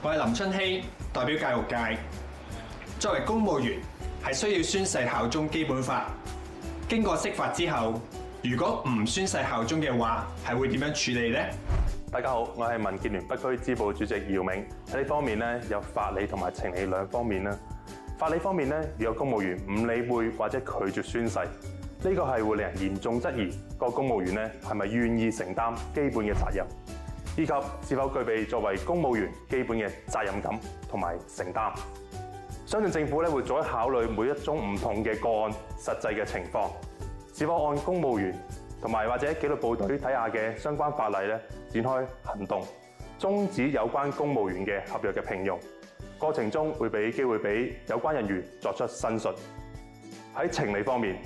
我係林春曦，代表教育界。作為公務員，係需要宣誓效忠基本法。經過釋法之後，如果唔宣誓效忠嘅話，係會點樣處理呢？大家好，我係民建聯北區支部主席姚銘。喺呢方面咧，有法理同埋情理兩方面啦。法理方面咧，如果公務員唔理會或者拒絕宣誓，呢個係會令人嚴重質疑，個公務員咧係咪願意承擔基本嘅責任。以及是否具備作為公務員基本嘅責任感同埋承擔，相信政府咧會再考慮每一宗唔同嘅個案實際嘅情況，是否按公務員同埋或者紀律部隊底下嘅相關法例咧展開行動，終止有關公務員嘅合約嘅聘用，過程中，會俾機會俾有關人員作出申述。喺情理方面，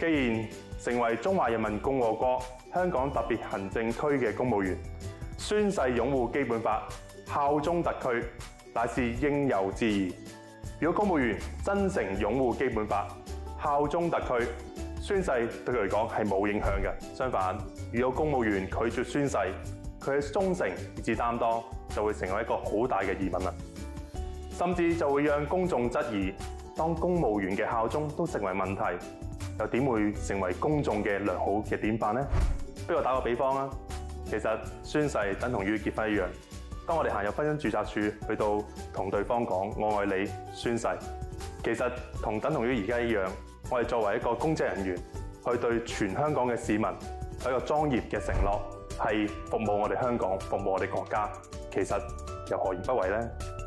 既然成為中華人民共和國香港特別行政區嘅公務員。宣誓擁護基本法、效忠特區，乃是應有之義。如果公務員真誠擁護基本法、效忠特區，宣誓對佢嚟講係冇影響嘅。相反，如果公務員拒絕宣誓，佢嘅忠誠以至擔當就會成為一個好大嘅疑問啦，甚至就會讓公眾質疑，當公務員嘅效忠都成為問題，又點會成為公眾嘅良好嘅典範呢？不如打個比方吖。其實宣誓等同於結婚一樣，當我哋行入婚姻註冊處，去到同對方講，我愛你，宣誓，其實同等同於而家一樣，我哋作為一個公職人員，去對全香港嘅市民有一個莊嚴嘅承諾，係服務我哋香港，服務我哋國家，其實又何而不為呢？